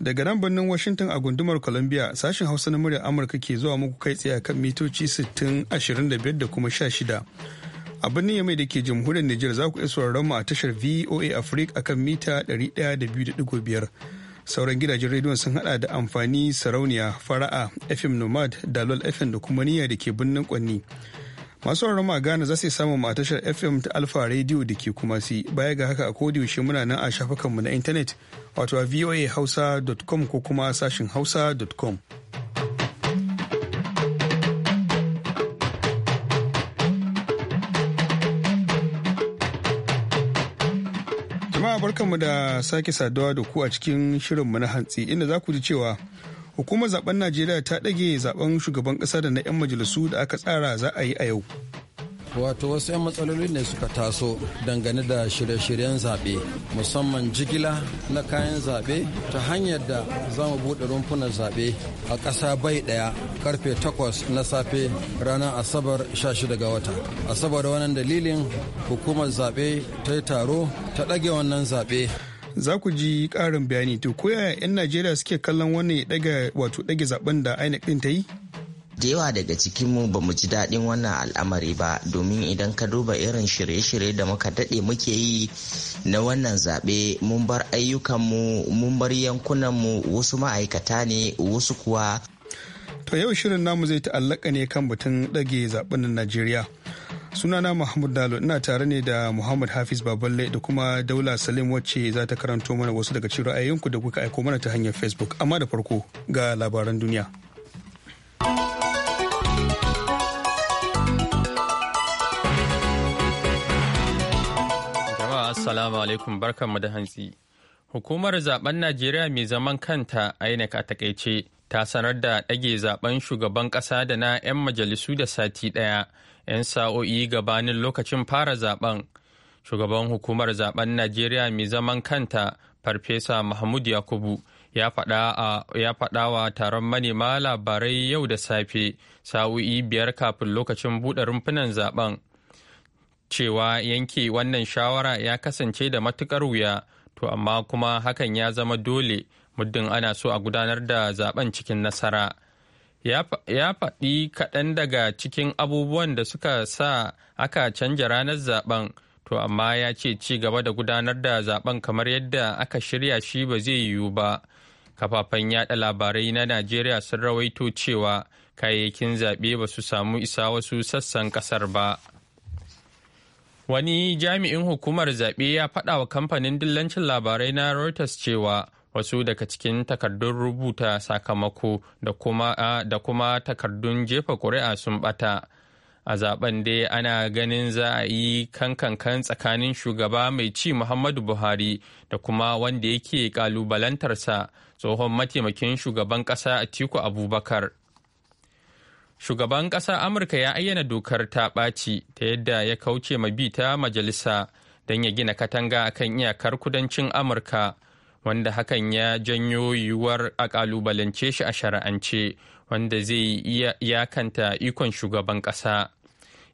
Daga nan birnin Washington a gundumar Columbia sashen Hausa na muryar Amurka ke zuwa muku kai tsaye akan mitoci 6025 da kuma 16. A birnin Yamai da ke jamhuriyar Nijar za ku iya mu a tashar VOA Africa a kan mita 102.5. Sauran gidajen rediyon sun hada da amfani sarauniya, fara'a, FM Nomad, Dalol FM da kuma niyya da ke birnin Kwanni. masu sauraron a Ghana za su samu a tashar FM ta alfa Radio da ke kuma si baya ga haka a yaushe muna nan a shafukanmu na intanet wato a voahausa.com ko kuma sashin hausa.com. Jama'a barkanmu da sake saduwa da ku a cikin shirinmu na hantsi inda za ku ji cewa hukumar zaben najeriya ta ɗage zaben shugaban ƙasa da na 'yan majalisu da aka tsara za a yi a yau wato wasu 'yan matsaloli ne suka taso dangane da shirye-shiryen zaɓe musamman jigila na kayan zaɓe ta hanyar da za mu buɗe rumfunan zaɓe a ƙasa bai ɗaya karfe 8 na safe ranar asabar 16 ga wata asabar wannan dalilin hukumar zaɓe ta yi taro ta ɗage wannan zaɓe za ku ji karin bayani to ko yaya 'yan najeriya suke kallon wannan ya daga wato dage zaben da inec ɗin ta yi da yawa daga cikinmu ba mu ji daɗin wannan al'amari ba domin idan ka duba irin shirye-shirye da muka daɗe muke yi na wannan zaɓe mun bar ayyukanmu mun bar yankunanmu wasu ma'aikata ne wasu kuwa to yau shirin namu zai ta'allaka ne kan batun ɗage zaɓen najeriya sunana muhammad dalo ina tare ne da muhammad hafiz baballe da kuma daula salim wacce za ta karanto mana wasu daga cikin ra'ayoyinku da kuka aiko mana ta hanyar facebook amma da farko ga labaran duniya assalamu alaikum barkanmu da hantsi hukumar zaben najeriya mai zaman kanta inec a takaice ta sanar da ɗage zaben shugaban ƙasa da na 'yan majalisu da sati ɗaya 'yan sa'o'i gabanin lokacin fara zaben shugaban hukumar zaben najeriya mai zaman kanta farfesa mahmud yakubu ya faɗa wa taron manema labarai yau da safe sa'o'i biyar kafin lokacin buɗe rumfunan zaben cewa yanke wannan shawara ya kasance da matukar wuya to amma kuma hakan ya zama dole muddin ana so a gudanar da zaben cikin nasara. ya faɗi kaɗan daga cikin abubuwan da suka sa aka canja ranar zaben to amma ya ce ci gaba da gudanar da zaben kamar yadda aka shirya shi ba zai yiwu ba kafafen yada labarai na najeriya sun rawaito cewa kayayyakin zaɓe ba su samu isa wasu sassan ƙasar ba wani jami'in hukumar zaɓe ya faɗa wa kamfanin dillancin labarai na reuters cewa wasu daga cikin takardun rubuta sakamako da kuma takardun jefa kuri'a sun bata a zaben dai ana ganin za a yi kankankan tsakanin shugaba mai ci muhammadu buhari da kuma wanda yake kalubalantarsa tsohon mataimakin shugaban kasa atiku abubakar shugaban kasa amurka ya ayyana dokar ta ɓaci ta yadda ya kauce ma bi ta majalisa don ya gina katanga akan iyakar kudancin amurka wanda hakan ya janyo yiwuwar a kalubalance shi a shari'ance wanda zai iya kanta ikon shugaban ƙasa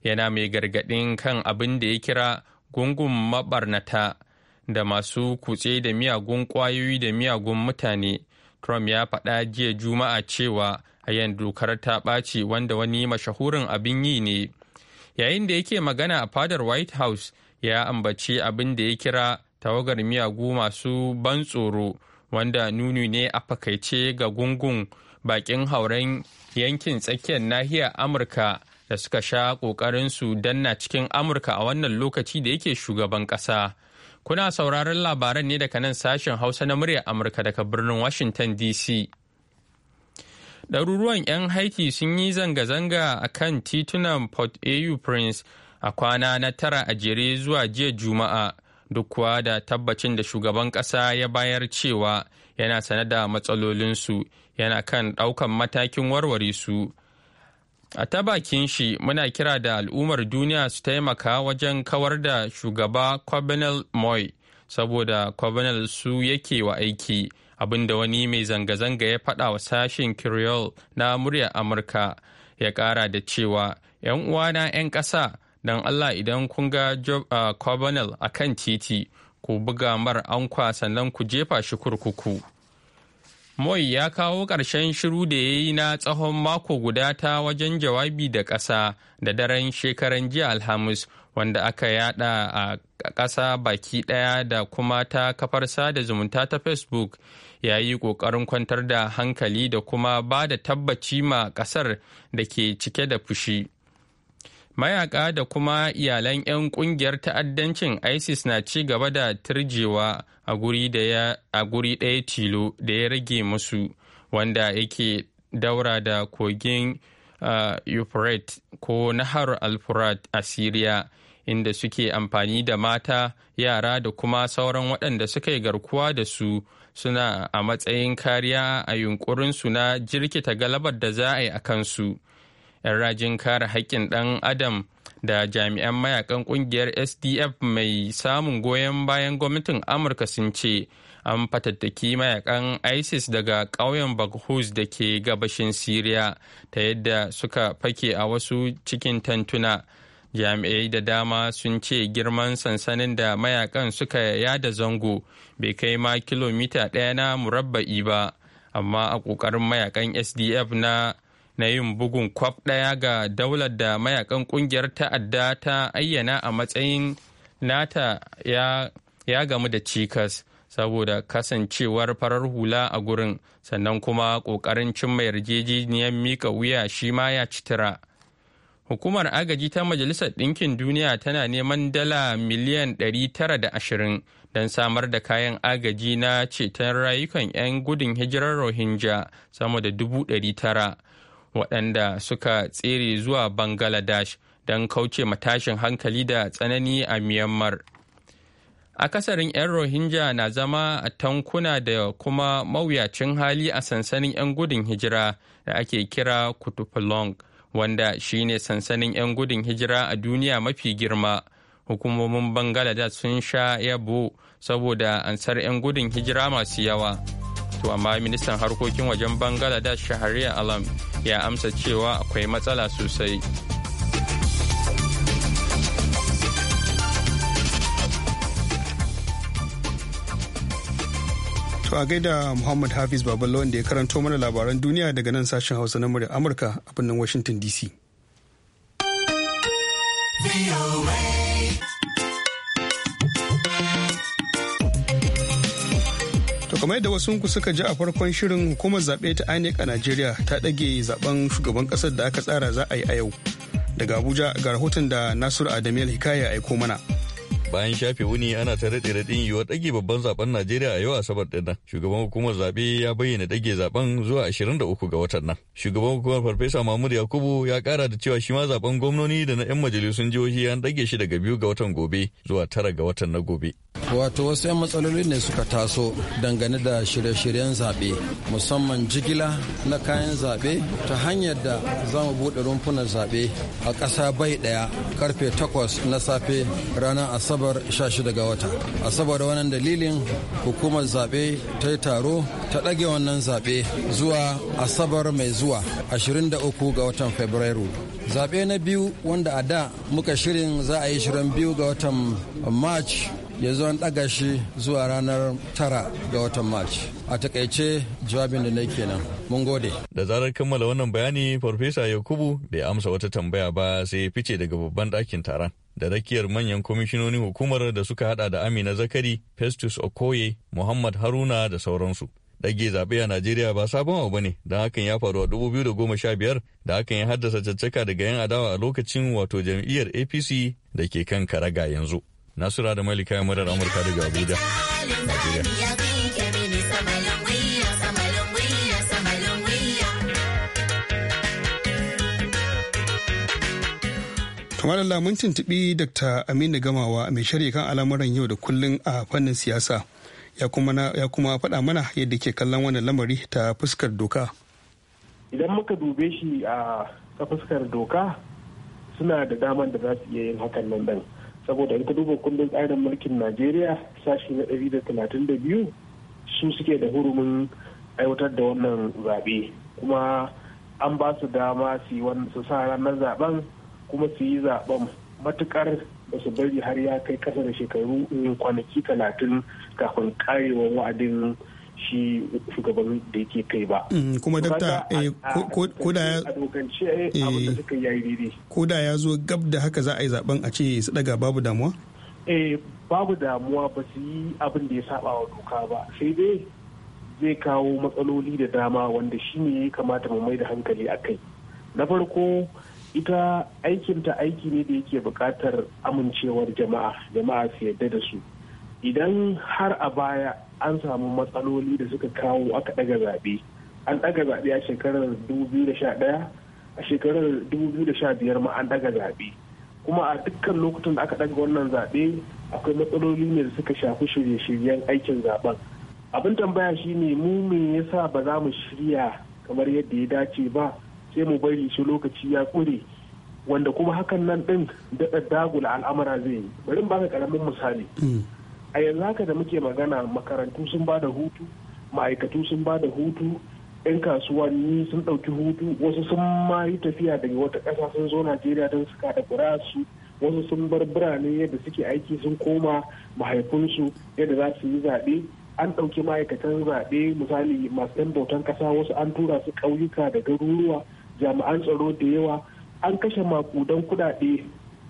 yana mai gargaɗin kan abin da ya kira gungun mabarnata da masu kutse da miyagun ƙwayoyi da miyagun mutane trump ya faɗa jiya juma'a cewa hayan dokar ta ɓaci wanda wani mashahurin abin yi ne yayin da yake magana a fadar white house ya ambaci abin da ya kira tawagar miyagu masu ban tsoro wanda nuni ne a fakaice ga gungun bakin hauren yankin tsakiyar nahiyar amurka da suka sha kokarin su danna cikin amurka a wannan lokaci da yake shugaban kasa kuna sauraron labaran ne daga nan sashen hausa na muryar amurka daga birnin washington dc ɗaruruwan 'yan haiti sun yi zanga-zanga a kan titunan port au prince a kwana na tara a jere zuwa jiya juma'a duk kuwa da tabbacin da shugaban ƙasa ya bayar cewa yana sane da matsalolinsu yana kan ɗaukan matakin warware su. A ta bakin shi muna kira da al'ummar duniya su taimaka wajen kawar da shugaba kwabinal Moy saboda kwabinal su yake wa aiki abinda wani mai zanga-zanga ya faɗa wa sashen Creole na muryar Amurka ya ƙara da cewa ‘yan uwana ‘yan ƙasa don allah idan kun ga job cobanel a kan titi ku buga mar ankwa sannan ku jefa shi kurkuku Moy ya kawo ƙarshen shiru da ya yi na tsawon mako guda ta wajen jawabi da ƙasa da daren shekaran jiya Alhamis wanda aka yada a ƙasa baki ɗaya da kuma ta kafar sada zumunta ta Facebook ya yi ƙoƙarin kwantar da hankali da kuma ba da tabbaci ma ƙasar da ke cike da fushi. mayaka da kuma iyalan 'yan kungiyar ta'addancin isis na ci gaba da turjewa a guri ɗaya tilo da ya rage musu wanda yake daura da kogin euphrates ko nahar al-furat a syria inda suke amfani da mata yara da kuma sauran waɗanda suka yi garkuwa da su suna a matsayin kariya a yunkurinsu na jirkita galabar da za a yi a kansu. 'yan rajin kare haƙƙin ɗan adam da jami'an mayakan ƙungiyar sdf mai samun goyon bayan gwamnatin amurka sun ce an fatattaki mayakan isis daga ƙauyen baghuz da ke gabashin syria ta yadda suka fake a wasu cikin tantuna jami'ai da dama sun ce girman sansanin da mayakan suka yada zango bai kai ma kilomita ɗaya na murabba'i ba amma a ƙoƙarin mayakan sdf na na yin bugun kwaf ɗaya ga daular da mayakan ƙungiyar ta'adda ta ayyana a matsayin nata ya, gamu da cikas saboda kasancewar farar hula a gurin sannan kuma ƙoƙarin cimma yarjejeniyar mika wuya shi ma ya citira. Hukumar agaji ta Majalisar Ɗinkin Duniya tana neman dala miliyan 920 don samar da kayan agaji na ceton rayukan 'yan gudun hijirar Rohingya sama da 900 waɗanda suka tsere zuwa bangaladesh don kauce matashin hankali da tsanani a myanmar akasarin 'yan rohingya na zama a tankuna da kuma mawuyacin hali a sansanin 'yan gudun hijira da ake kira kutupulong wanda shine sansanin 'yan gudun hijira a duniya mafi girma hukumomin bangaladesh sun sha yabo saboda ansar 'yan gudun hijira masu yawa to amma ministan harkokin wajen Bangaladesh shahariya alam ya amsa cewa akwai matsala sosai To a gaida Muhammad Hafiz Babalo da ya karanto mana labaran duniya daga nan sashen Hausa na murya Amurka a birnin Washington DC. kamar yadda wasu ku suka ji a farkon shirin hukumar zaɓe ta INEC a Najeriya ta ɗage zaben shugaban ƙasar da aka tsara za a yi a yau. Daga Abuja ga rahoton da Nasiru Adamiyar Hikaya aiko mana. bayan shafe wuni ana ta daɗe daɗin yiwuwar ɗage babban zaben najeriya a yau asabar ɗin nan shugaban hukumar zaɓe ya bayyana ɗage zaben zuwa 23 ga watan nan shugaban hukumar farfesa mahmud yakubu ya kara da cewa shi ma zaben gwamnoni da na 'yan majalisun jihohi an ɗage shi daga biyu ga watan gobe zuwa tara ga watan na gobe wato wasu 'yan matsaloli ne suka taso dangane da shirye-shiryen zaɓe musamman jigila na kayan zaɓe ta hanyar da za mu buɗe rumfunan zaɓe a ƙasa bai ɗaya karfe 8 na safe ranar asabar Oktobar 16 ga wata a saboda wannan dalilin hukumar zaɓe ta yi taro ta ɗage wannan zaɓe zuwa asabar mai zuwa 23 ga watan fabrairu zaɓe na biyu wanda a da muka shirin za a yi shirin biyu ga watan march yanzu an ɗaga shi zuwa ranar tara ga watan march a takaice jawabin da nake kenan mun gode da zarar kammala wannan bayani farfesa yakubu da ya amsa wata tambaya ba sai ya fice daga babban dakin taron da rakiyar manyan kwamishinonin hukumar da suka hada da amina zakari festus okoye muhammad haruna da sauransu dage zaɓe a Najeriya ba sabon abu ne don hakan ya faru a 2015 da hakan ya haddasa caccaka daga 'yan adawa a lokacin wato jam'iyyar APC da ke kan karaga yanzu. Nasura da Malika murar Amurka daga Abuja. kamar Allah mun tuntuɓi Dr. Aminu Gamawa mai shari'a kan al'amuran yau da kullun a fannin siyasa ya kuma faɗa mana yadda ke kallon wannan lamari ta fuskar doka. Idan muka dube shi a ah, ta fuskar doka suna da daman da za su iya yin hakan nan ɗan. saboda in ka duba kundin tsarin mulkin najeriya sashi na ɗari da talatin da biyu su suke da hurumin aiwatar da wannan zaɓe kuma an ba su dama su su sa ranar zaben kuma su yi zaben matukar da su bari har ya kai kasa da shekaru eh, kwanaki talatin kafin karewar wa'adin shi shugabannin da yake kai ba. Mm, kuma dakta eh, eh, ko da ya zo gab da haka za a yi zaben a ce su daga babu damuwa? eh babu damuwa ba su yi abin da ya saba wa doka ba sai dai zai kawo matsaloli da dama wanda shi ne ya kamata mu mai da hankali a kai na farko ita aikinta aiki ne da yake buƙatar amincewar jama'a jama'a su yarda da su idan har a baya an samu matsaloli da suka kawo aka ɗaga zaɓe an ɗaga zaɓe a shekarar 2011 a shekarar 2015 ma an ɗaga zaɓe kuma a dukkan lokutan da aka ɗaga wannan zaɓe akwai matsaloli ne da suka shafi shirye-shiryen aikin zaɓen abin tambaya shine mu me yasa ba za mu shirya kamar yadda ya dace ba sai mu bari shi lokaci ya ƙure wanda kuma hakan nan ɗin daɗa dagula al'amura zai yi bari ka ƙaramin misali mm. a yanzu haka da muke magana makarantu sun ba da hutu ma'aikatu sun ba da hutu 'yan kasuwanni sun ɗauki hutu wasu sun ma yi tafiya daga wata ƙasa sun zo najeriya don su kada su wasu sun bar birane yadda suke aiki sun koma mahaifinsu yadda za su yi zaɓe an ɗauki ma'aikatan zaɓe misali masu 'yan bautan ƙasa wasu an tura su ƙauyuka da garuruwa jami'an tsaro da yawa an kashe makudan kuɗaɗe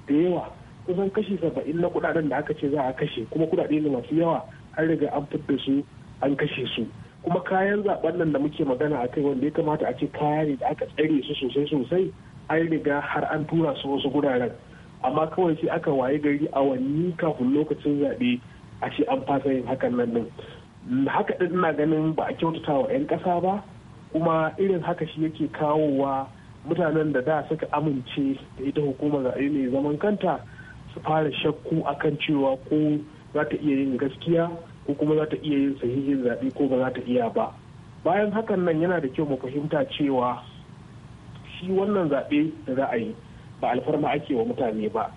da yawa kusan kashi saba'in na kudaden da aka ce za a kashe kuma kudade ne masu yawa an riga an fitar su an kashe su kuma kayan zaben nan da muke magana a kai wanda ya kamata a ce kaya ne da aka tsare su sosai sosai an riga har an tura su wasu guraren amma kawai sai aka waye gari awanni kafin lokacin zaɓe a ce an fasa yin hakan nan din haka din ina ganin ba a kyautata wa 'yan ƙasa ba kuma irin haka shi yake kawowa mutanen da da suka amince da ita hukumar zaɓe mai zaman kanta su fara shakku akan cewa ko za ta iya yin gaskiya ko kuma za ta iya yin sahihin zaɓe ko ba za ta iya ba bayan hakan nan yana da kyau mu fahimta cewa shi wannan zaɓe da za a yi ba alfarma ake wa mutane ba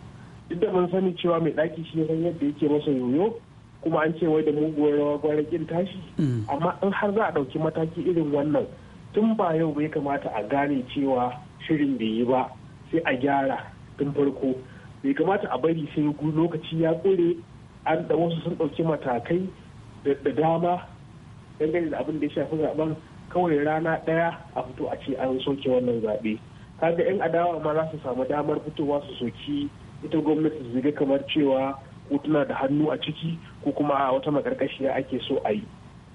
duk da mun sani cewa mai ɗaki shi san yadda yake masa yoyo kuma an ce wai da muguwar rawa gwara kin tashi mm. amma in har za a ɗauki mataki irin wannan tun ba yau bai kamata a gane cewa shirin bai yi ba sai a gyara tun farko bai kamata a bari sai lokaci ya kure an da wasu sun ɗauki matakai da dama dangane da abin da ya shafi zaben kawai rana ɗaya a fito a ce an soke wannan zaɓe kaga 'yan adawa ma za su samu damar fitowa su soki ita gwamnati su zige kamar cewa hotuna da hannu a ciki ko kuma a wata makarkashiya ake so a yi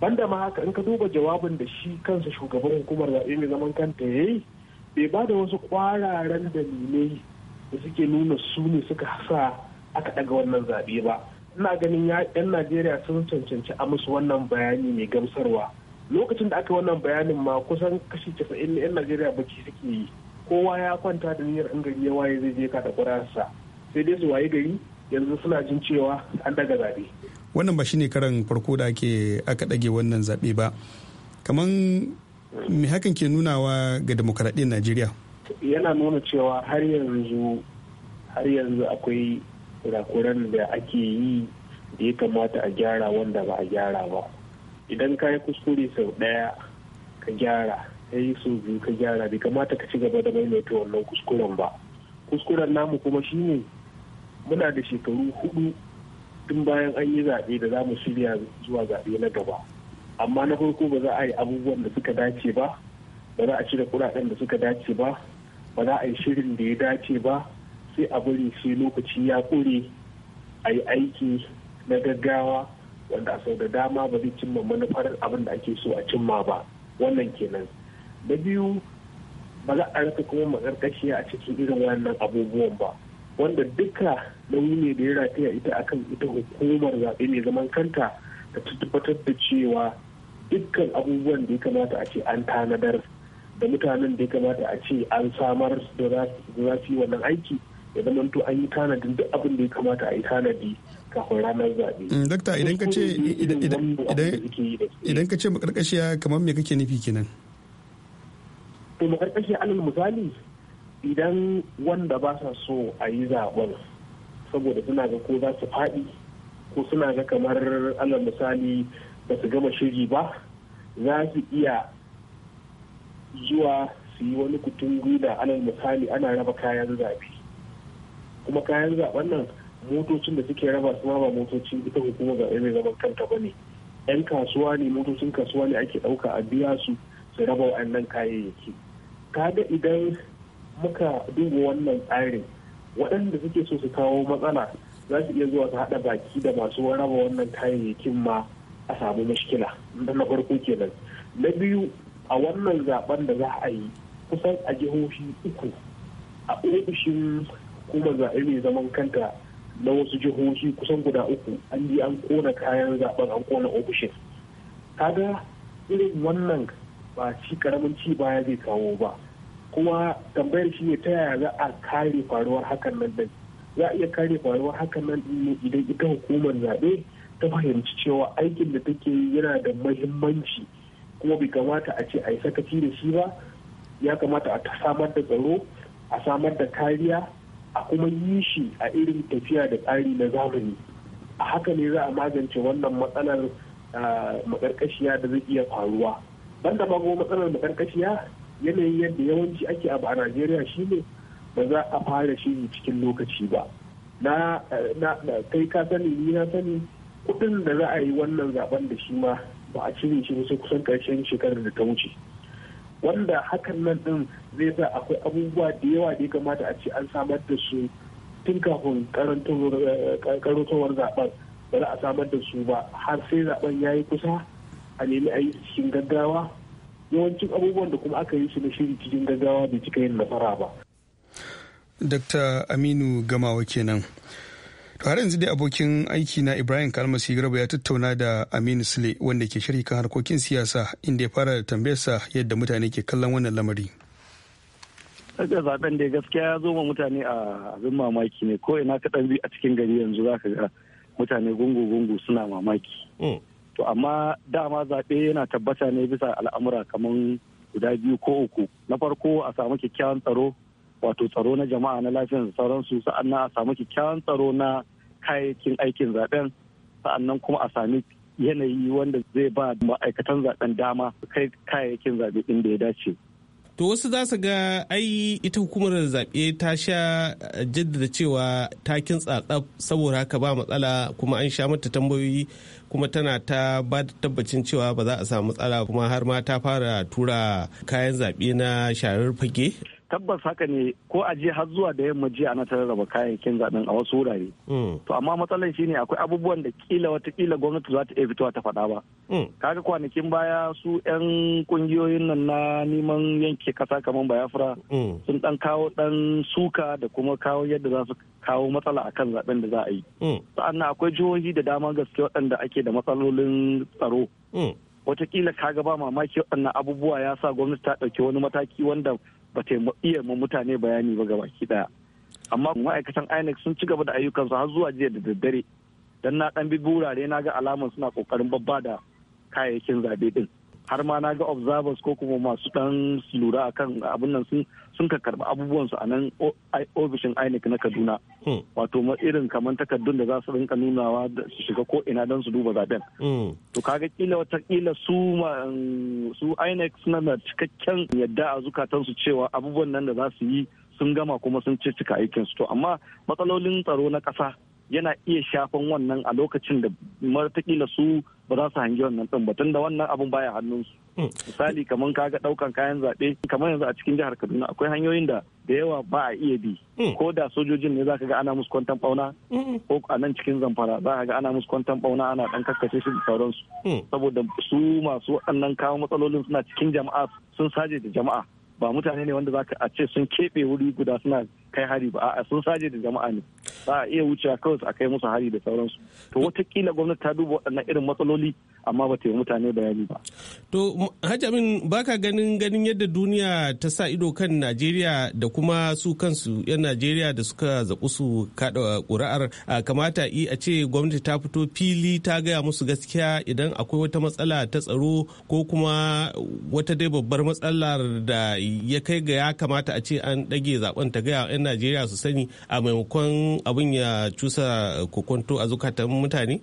banda ma haka in ka duba jawabin da shi kansa shugaban hukumar zaɓe mai zaman kanta ya yi bai ba da wasu kwararen dalilai da suke nuna su ne suka sa aka daga wannan zaɓe ba ina ganin yan najeriya sun cancanci a wannan bayani mai gamsarwa lokacin da aka wannan bayanin ma kusan kashi casa'in na yan najeriya baki suke yi kowa ya kwanta da niyyar in gari ya waye zai je kada kurarsa sai dai su waye gari yanzu suna jin cewa an daga zaɓe wannan ba shine karan farko da ake aka dage wannan zaɓe ba kaman me hakan ke nunawa ga demokaradiyyar najeriya yana nuna cewa har yanzu har yanzu akwai rakuran da ake yi da ya kamata a gyara wanda ba a gyara ba idan ka yi kuskure sau ɗaya ka gyara ya yi sau biyu ka gyara bai kamata ka ci gaba da maimaita wannan kuskuren ba kuskuren namu kuma shi shine muna da shekaru hudu tun bayan an yi zaɓe da za mu shirya zuwa zaɓe na gaba amma na farko ba za a yi abubuwan da suka dace ba ba za a cire kuɗaɗen da suka dace ba ba za a yi shirin da ya dace ba sai a bari sai lokaci ya ƙure a yi aiki na gaggawa wanda sau da dama ba zai cimma manufar abin da ake so a cimma ba wannan kenan na biyu ba za a rika kuma makarkashiya a cikin irin wannan abubuwan ba wanda duka nauyi ne da ya rataya ita akan ita hukumar zaɓe mai zaman kanta da tabbatar da cewa dukkan abubuwan da ya kamata a ce an tanadar da mutanen da ya kamata a ce an samar da za su yi wannan aiki ya zama to an yi tanadin duk abin da ya kamata a yi tanadi kafin ranar zaɓe. Mm, Dokta idan ka ce idan ka ce makarkashiya kamar me kake nufi kenan? To makarkashiya alal misali idan wanda ba sa so a yi zaɓen saboda suna ga ko za su faɗi ko suna ga kamar alal misali ba su gama shiri ba za su iya zuwa su yi wani kutun gwila alal misali ana raba kayan zaɓe kuma kayan zaɓen nan motocin da suke raba su ma ba motocin ita hukumar zaɓe mai zaman kanta ba ne yan kasuwa ne motocin kasuwa ne ake ɗauka a biya su su raba wa'annan kayayyaki kaga idan muka duba wannan tsarin waɗanda suke so su kawo matsala za su iya zuwa su haɗa baki da masu raba wannan kayayyakin ma a samu mashkila na farko kenan na biyu a wannan zaben da za a yi kusan a jihohi uku a ofishin hukumar zaɓe mai zaman kanta na wasu jihohi kusan guda uku an yi an kona kayan zaben an kona ofishin kaga irin wannan ba ci karamin ci baya zai kawo ba kuma tambayar shi ne ta yaya za a kare faruwar hakan nan din za a iya kare faruwar hakan nan din ne idan ita hukumar zaɓe ta fahimci cewa aikin da take yana da muhimmanci. kuma bai kamata a ce a yi sakaci da shi ba ya kamata a samar da tsaro a samar da kariya a kuma yi shi a irin tafiya da tsari na zamani a haka ne za a magance wannan matsalar makarkashiya da zai iya faruwa banda ma kuma matsalar makarkashiya yanayin yadda yawanci ake abu a najeriya shine ba za a fara shiri cikin lokaci ba na kai ka sani ni na sani kudin da za a yi wannan zaben da shi ma ba a cire shi sai kusan karshen shekarar da ta wuce wanda hakan nan din zai sa akwai abubuwa da yawa da ya kamata a ce an samar da su tun kafin karantowar eh, zaben ba za a samar da su ba har sai zaɓen ya yi kusa a nemi a yi cikin gaggawa yawancin abubuwan da kuma aka yi su na shiri cikin gaggawa bai cika yin nasara ba. Dr. Aminu Gamawa kenan. To har yanzu dai abokin aiki na Ibrahim Kalmasi Garba ya tattauna da Aminu Sule wanda ke shirin kan harkokin siyasa inda ya fara da tambayarsa yadda mutane ke kallon wannan lamari. aka zaben da gaskiya ya zo ma mutane a abin mamaki ne ko ina kaɗan bi a cikin gari yanzu za ka ga mutane gungu-gungu suna mamaki. Oh. To amma dama zaɓe yana tabbata ne bisa al'amura kamar guda biyu ko uku. Na farko a samu kyakkyawan tsaro wato tsaro na jama'a na lafiyar sauransu nan a samu kyakkyawan tsaro na kayayyakin aikin zaben sa'annan kuma a sami yanayi wanda zai ba ma'aikatan zaben dama kai kayayyakin zaɓe inda ya dace. To wasu za su ga ai ita hukumar zaɓe ta sha eh, jaddada cewa ta kintsa tsaf saboda haka ba matsala kuma an sha mata tambayoyi kuma tana ta ba da tabbacin cewa ba za a samu matsala kuma har ma ta fara tura kayan zaɓe na sharar fage. tabbas haka ne ko a je har zuwa da yamma jiya ana ta rarraba kayayyakin zaɓen a wasu wurare mm. to amma matsalar shi ne akwai abubuwan da kila watakila gwamnati za ta iya fitowa ta faɗa ba mm. kaga kwanakin baya su yan ƙungiyoyin nan na neman yanke kasa kamar bayafra mm. sun ɗan kawo ɗan suka da kuma kawo yadda za su kawo matsala akan zaɓen da za a yi sa'annan akwai jihohi da dama gaske waɗanda ake da matsalolin tsaro watakila kaga ba mamaki waɗannan abubuwa ya sa gwamnati ta ɗauki wani mataki wanda ba ta iya mu mutane bayani ba gabaki daya amma ma'aikatan inec sun ci gaba da ayyukansu har zuwa jiya da daddare don na ɗan bi burare na ga alamar suna kokarin babba da kayayyakin zabe din har ma na ga observers ko kuma masu dan lura akan abin nan sun sun ka karbi abubuwan su a nan ofishin INEC na Kaduna hmm. wato ma irin kamar takardun da za su rinka nunawa da su shiga ko ina dan su duba zaben hmm. to kaga kila wata kila su su INEC suna da cikakken yadda a zukatan su cewa abubuwan nan da za su yi sun gama kuma sun ce cika aikin su to amma matsalolin tsaro na ƙasa yana iya shafan wannan a lokacin da martakila su ba za su hangi wannan ɗin ba tunda wannan abun baya hannunsu hmm. misali kamar ka ga ɗaukan kayan zaɓe kamar yanzu a cikin jihar kaduna akwai hanyoyin da da yawa ba a iya bi hmm. ko da sojojin ne za ka ga ana musu kwantan ɓauna hmm. ko a nan cikin zamfara za ka ga ana musu kwantan ɓauna ana ɗan kakkace shi da sauransu saboda su masu waɗannan kawo matsalolin suna cikin jama'a sun saje da jama'a ba mutane ne wanda za ka a ce sun keɓe wuri guda suna kai hari ba a'a sun saje da jama'a ne ba a iya wucewa kawai a kai musu hari da sauransu to watakila gwamnati ta duba waɗannan irin matsaloli amma ba ta yi mutane bayani ba to hajjamin baka ganin ganin yadda duniya ta sa ido kan najeriya da kuma su kansu yan najeriya da suka zaƙu su kaɗa uh, ƙuri'ar kamata i a ce gwamnati ta fito fili ta gaya musu gaskiya idan akwai wata matsala ta tsaro ko kuma wata dai babbar matsalar da ya kai ga ya kamata a ce an ɗage zaben ta gaya 'yan najeriya su sani a maimakon abin ya cusa eh, kokonto a zukatan mutane?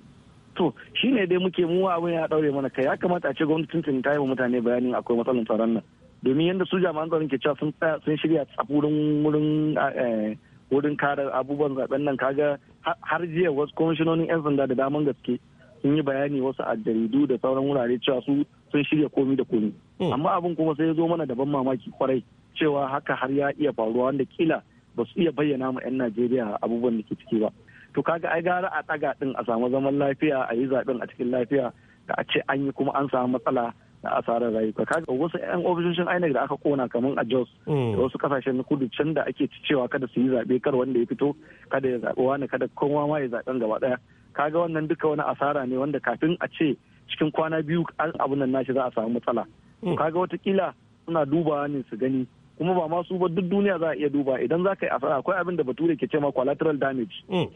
To shi ne dai muke mu abin ya daure mana kai ya kamata a ce gwamnati tun ta yi mutane bayanin akwai matsalar tsaron nan. Domin yadda su jami'an tsaron ke cewa sun tsaya sun shirya tsaf wurin wurin eh, wurin kare abubuwan zaben nan kaga har jiya wasu kwamishinonin 'yan sanda da daman gaske sun yi bayani wasu a jaridu da sauran wurare cewa su sun shirya komi da komi hmm. amma abin kuma sai ya zo mana daban mamaki kwarai cewa haka har ya iya faruwa wanda kila ba su iya bayyana mu 'yan najeriya abubuwan da ke ciki ba to kaga ai gara a ɗaga ɗin a samu zaman lafiya a yi zaɓen a cikin lafiya da a ce an yi kuma an samu matsala na asarar rayuka kaga wasu yan ofisoshin INEC da aka kona kamar a Jos da mm. wasu kasashen na kudu can da ake cewa kada su yi zaɓe kar wanda ya fito kada ya zaɓi wani kada kowa ma ya zaɓen gaba ɗaya kaga wannan duka wani asara ne wanda kafin a ce cikin kwana biyu abun nan nashi za a samu matsala mm. kaga watakila suna dubawa ne su gani kuma ba masu ba duk duniya za a iya duba idan za ka yi asara akwai abin da bature ke ce ma collateral damage mm.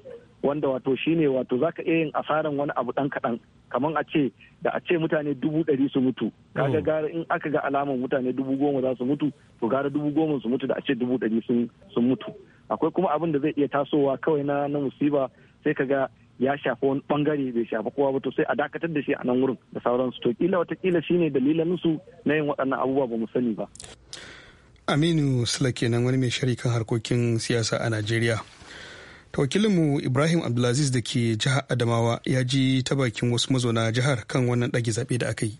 wanda wato shine wato za ka iya yin asaran wani abu dan kaɗan kamar a ce da a ce mutane dubu ɗari su mutu kaga mm. gara in aka ga alamar mutane dubu goma za su mutu to gara dubu goma su mutu da a ce dubu ɗari sun mutu akwai kuma abin da zai iya tasowa kawai na na musiba sai ka ga ya shafi wani bangare bai shafi kowa ba to sai a dakatar da shi a nan wurin da sauransu to kila watakila shine dalilan su na yin waɗannan abubuwa ba mu sani ba aminu sula kenan wani mai shari kan harkokin siyasa a najeriya wakilinmu ibrahim abdulaziz da ke jihar adamawa ya ji ta bakin wasu mazauna jihar kan wannan ɗage zaɓe da aka yi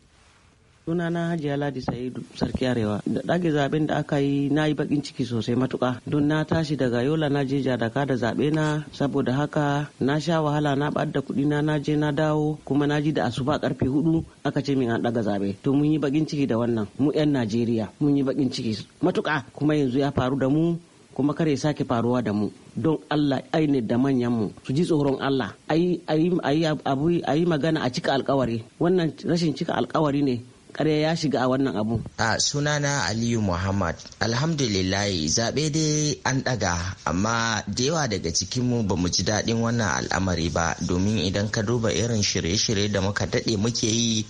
sunana hajiya ladi sa'idu sarki arewa da ɗage zaben da aka yi na yi bakin ciki sosai matuka don na tashi daga yola na je jadaka da zaɓe na saboda haka na sha wahala na ɓadda kuɗi na na je na dawo kuma na ji da asuba karfe hudu aka ce min an ɗaga zaɓe to mun yi bakin ciki da wannan mu 'yan najeriya mun yi bakin ciki matuka kuma yanzu ya faru da mu kuma kar ya sake faruwa da mu don Allah ai da manyan mu su ji tsoron Allah ayi ayi magana a cika alkawari wannan rashin cika alkawari ne karya ya shiga a wannan abu a sunana aliyu muhammad alhamdulillahi zaɓe dai an ɗaga amma da yawa daga cikinmu ba mu ji daɗin wannan al'amari ba domin idan ka duba irin shirye-shirye da muka daɗe muke yi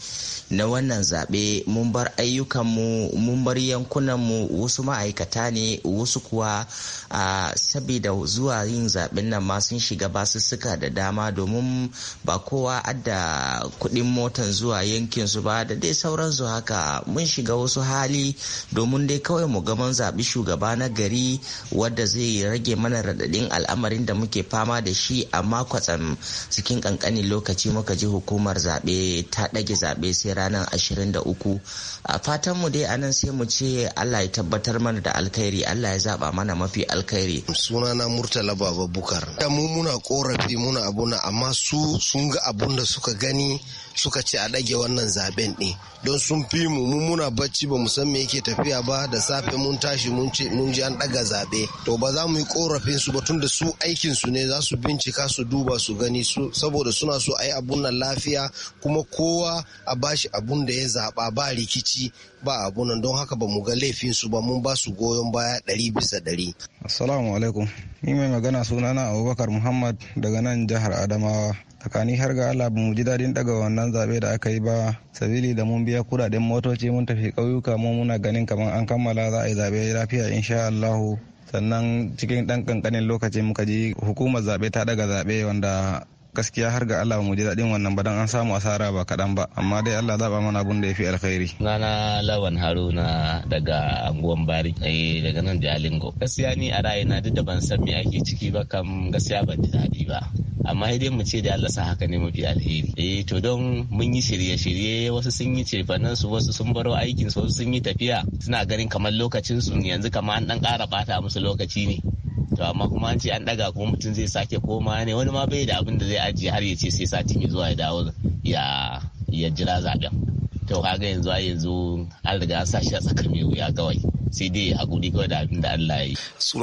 na wannan zaɓe mun bar ayyukanmu mun bar yankunanmu wasu ma'aikata ne wasu kuwa a saboda zuwa yin zaɓen nan ma sun shiga basussuka da dama domin ba kowa adda kuɗin motan zuwa yankin su ba da dai sauransu haka mun shiga wasu hali domin dai kawai mu gaban zaɓi shugaba na gari wadda zai rage mana raɗaɗin al'amarin da muke fama da shi amma kwatsam cikin ƙanƙanin lokaci muka ji hukumar zaɓe ta ɗage zaɓe sai ranar 23 a fatan mu dai anan sai mu ce Allah ya tabbatar mana da alkhairi Allah ya zaba mana mafi alkhairi suna na Murtala Baba Bukar da mu muna korafi muna abuna amma su sun ga abun da suka gani suka ce a ɗage wannan zaben ɗin don sun fi mu mun muna bacci ba mu san me yake tafiya ba da safe mun tashi mun ce mun ji an ɗaga zaɓe to ba za mu yi korafin su ba tun da su aikin su ne za su bincika su duba su gani su saboda suna so a yi abun nan lafiya kuma kowa a bashi abun da ya zaɓa ba rikici ba abun nan don haka ba mu ga laifin su ba mun ba su goyon baya ɗari bisa ɗari. Assalamu alaikum. Ni mai magana sunana Abubakar Muhammad daga nan jihar Adamawa. tsakanin har ga Allah mu ji dadin daga wannan zabe da aka yi ba sabili da mun biya kudaden motoci mun tafi ƙauyuka mu muna ganin kamar an kammala za a yi zabe lafiya insha Allahu sannan cikin ɗan kankanin lokaci muka ji hukumar zaɓe ta daga zaɓe wanda gaskiya har ga Allah mu ji daɗin wannan ba dan an samu asara ba kaɗan ba amma dai Allah zaba mana abun da ya fi alkhairi. Nana Lawan Haruna daga anguwan Bari eh, daga nan Jalingo. Gaskiya ni a na duk da ban san me ake ciki ba kam gaskiya ban ji daɗi ba. amma dai mu ce da Allah sa haka ne mafi alheri eh to don mun yi shirye-shirye wasu sun yi cefanan su wasu sun baro aikin su wasu sun yi tafiya suna ganin kamar lokacin su yanzu kamar an dan kara bata musu lokaci ne to amma kuma an ce an daga kuma mutum zai sake koma ne wani ma bai da abin da zai ajiye har ya ce sai sati ya zuwa ya dawo ya jira zaben to kaga yanzu a yanzu an riga an sashi a tsakar mai wuya kawai sai dai a gudi kawai da abin da Allah ya yi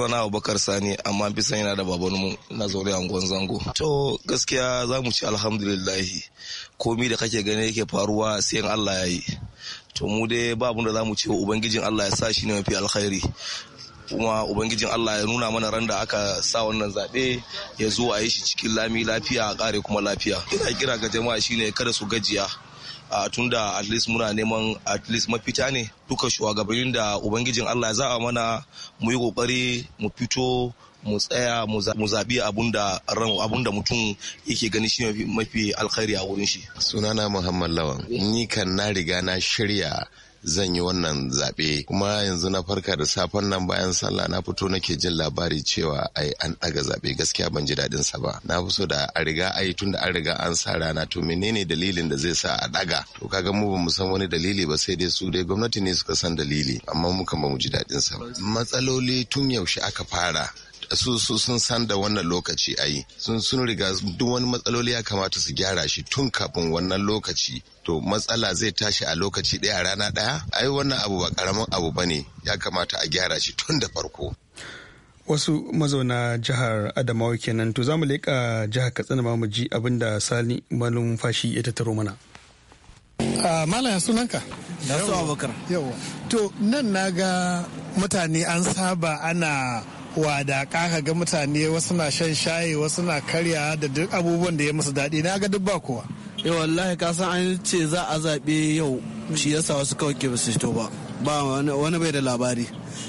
na Abubakar Sani amma bisan yana da baban mu na zaure angon zango to gaskiya za mu ci alhamdulillahi komi da kake gani yake faruwa sai Allah ya yi to mu dai babu da za mu ce ubangijin Allah ya sa shi ne mafi alkhairi kuma ubangijin Allah ya nuna mana ran da aka sa wannan zaɓe ya zo a yi shi cikin lami lafiya a kare kuma lafiya ina kira ga jama'a shine kada su gajiya a tun da at least muna neman at least mafita ne duka shugabannin da ubangijin Allah za a mana mu yi kokari mu fito mu tsaya mu zaɓi abun da mutum yake gani shi mafi alkhairi a wurin shi sunana muhammad lawan ni kan na riga na shirya zan yi wannan zaɓe kuma yanzu na farka da safen nan bayan sallah na fito nake jin labari cewa ai an ɗaga zaɓe gaskiya ban ji daɗin sa ba na fi so da a riga ai tunda an riga an sa rana to menene dalilin da zai sa a ɗaga to kaga mu bamu san wani dalili ba sai dai su dai gwamnati ne suka san dalili amma mu kan mu ji daɗin sa ba matsaloli tun yaushe aka fara su su sun san da wannan lokaci ayi sun sun riga duk wani matsaloli ya kamata su gyara shi tun kafin wannan lokaci to matsala zai tashi a lokaci ɗaya rana ɗaya ayi wannan abu ba karamin abu bane ya kamata a gyara shi tun da farko wasu mazauna jihar adamawa kenan to za mu leƙa jihar katsina ma mu ji abinda sani malumfashi ya tattaro mana Uh, ah, malaya sunanka su abokan yawa to nan na ga mutane an saba ana wada ka ga mutane wasu na shan shayi wasu na karya da duk abubuwan da ya musu daɗi na ga duk ba kowa yau eh, wallahi ka san an ce za a zaɓe yau shi yasa wasu kawai ke basu fito ba ba wani bai da labari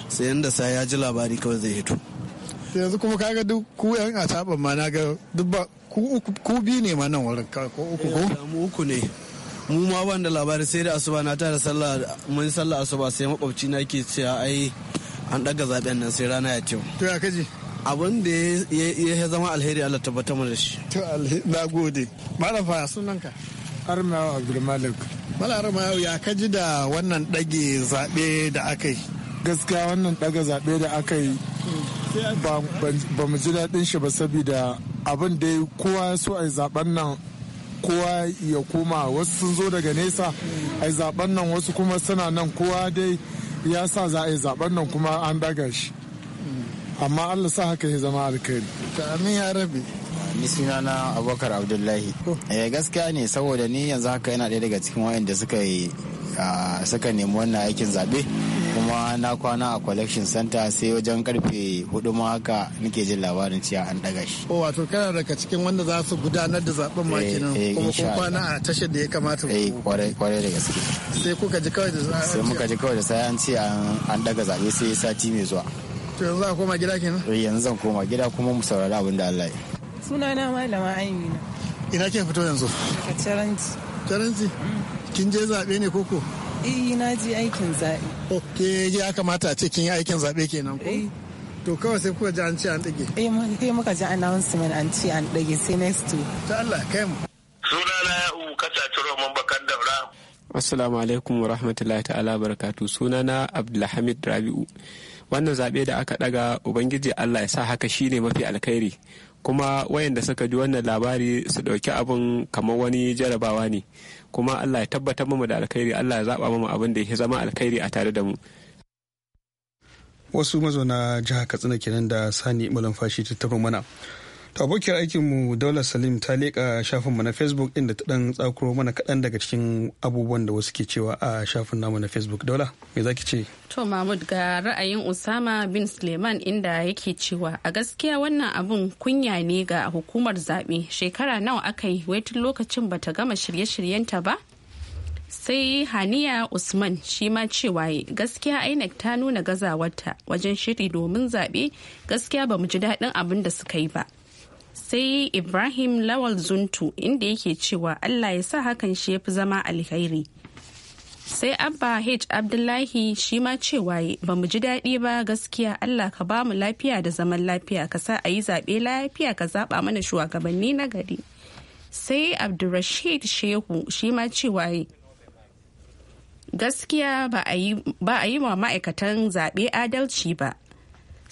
sai yanda sa ya ji labari kawai zai hito yanzu kuma ga duk ku yan a taɓa ma na ga duk ba ku biyu ne ma nan wurin ko uku ko eh, mu uku ne mu ma ban da labari sai da asuba na tara sallah mun sallah asuba sai makwabci na ke cewa ai an daga zaben nan sai rana ya ce to ya kaji abin da ya zama alheri Allah tabbatar mana da shi to alheri na gode malam fa sunanka armawa abdulmalik malam armawa ya kaji da wannan dage zabe da aka yi gaskiya wannan daga zaɓe da aka yi ba mu ji daɗin shi ba saboda abin da kowa so a zaben nan kowa ya koma wasu sun zo daga nesa a zaben nan wasu kuma suna nan kowa dai ya sa za a yi zaben nan kuma an daga shi amma allah sa haka ya zama alkhairi amin ya rabi ni suna na abubakar abdullahi eh gaskiya ne saboda ni yanzu haka yana daya daga cikin wayanda suka yi ah, suka nemi wannan aikin zabe. kuma na kwana a collection center sai wajen karfe hudu ma haka nike jin labarin cewa an daga shi ko oh, wato kana daga cikin wanda za su gudanar da zaben ma eh, kenan eh, kuma kun kwana a tashar da ya kamata eh kwarai kwarai da gaske sai kuka ji kawai da sai muka ji kawai da sai an ce an daga zabe sai sati mai zuwa to yanzu a koma gida kenan eh, yanzu zan koma gida kuma mu saurari abin da Allah ya sunana malama Amina ina ke fito yanzu Ka Taranti Taranti mm. kin je zabe ne koko Eh na je aikin zaɓe. Ok ya kamata a ce kin yi aikin zaɓe kenan ko? Eh. To kawai sai kuka ji an ce an ɗage. Eh kai eh, muka ji announcement an ce an ɗage sai next week. Ta Allah kai mu. Sunana ya umu kasa ciro mun bakan daura. Assalamu alaikum wa rahmatullahi ta'ala barakatu sunana Abdulhamid Rabi'u. Wannan zaɓe da aka ɗaga Ubangiji Allah ya sa haka shine mafi alkhairi. kuma wayanda suka ji wannan labari su ɗauki abin kamar wani jarabawa ne kuma Allah ya tabbatar mu da alkhairi Allah ya zaba mu abin da ya zama alkhairi a tare da mu wasu mazauna jihar katsina kenan da sani malamfashi ta tafi mana To abokiyar aikinmu daular salim ta leƙa shafinmu na facebook inda ta ɗan tsakuro mana kaɗan daga cikin abubuwan da wasu ke cewa a shafin namu na facebook daula me za ki ce to mahmud ga ra'ayin usama bin suleiman inda yake cewa a gaskiya wannan abun kunya ne ga hukumar zaɓe shekara nawa aka yi wai tun lokacin bata gama shirye-shiryenta ba sai haniya usman shi ma cewa gaskiya inec ta nuna gazawarta wajen shiri domin zaɓe gaskiya ba mu ji daɗin abin da suka yi ba sai ibrahim lawal zuntu inda yake cewa allah ya sa hakan shi ya fi zama alkhairi sai abba h abdullahi shi ma cewa ba mu ji daɗi ba gaskiya allah ka ba mu lafiya da zaman lafiya ka sa a yi zaɓe lafiya ka zaɓa mana shugabanni na gari sai abdulrashid shehu shi ma cewa gaskiya ba a yi wa ma'aikatan zaɓe adalci ba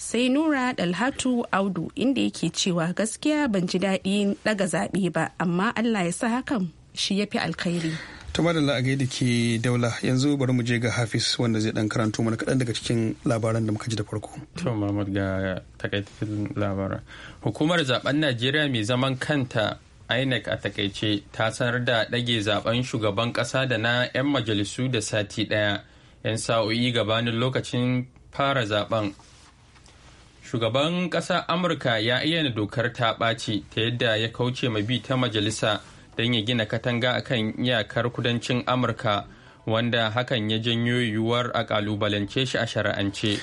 sai nura dalhatu audu inda yake cewa gaskiya ban ji daɗi daga zaɓe ba amma allah ya sa hakan shi ya fi alkhairi to da a ke daula yanzu bari mu je ga hafiz wanda zai dan karanto mana kaɗan daga cikin labaran da muka ji da farko to ga takaitattun labaran hukumar zaben najeriya mai zaman kanta inec a takaice ta sanar da ɗage zaben shugaban ƙasa da na 'yan majalisu da sati ɗaya 'yan sa'o'i gabanin lokacin fara zaben shugaban kasar amurka ya ayyana dokar ta ɓaci ta yadda ya kauce mai bi ta majalisa don ya gina katanga a kan iyakar kudancin amurka wanda hakan ya janyo yiwuwar a kalubalance shi a shari'ance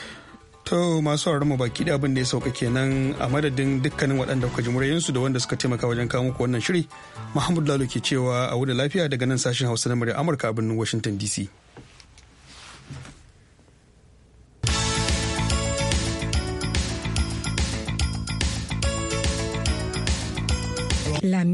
To masu mu baki da abin da ya sauka kenan a madadin dukkanin waɗanda kuka ji muryoyinsu da wanda suka taimaka wajen kawo muku wannan shiri. Muhammadu Lalo ke cewa a wuda lafiya daga nan sashen Hausa na murya Amurka a birnin Washington DC. la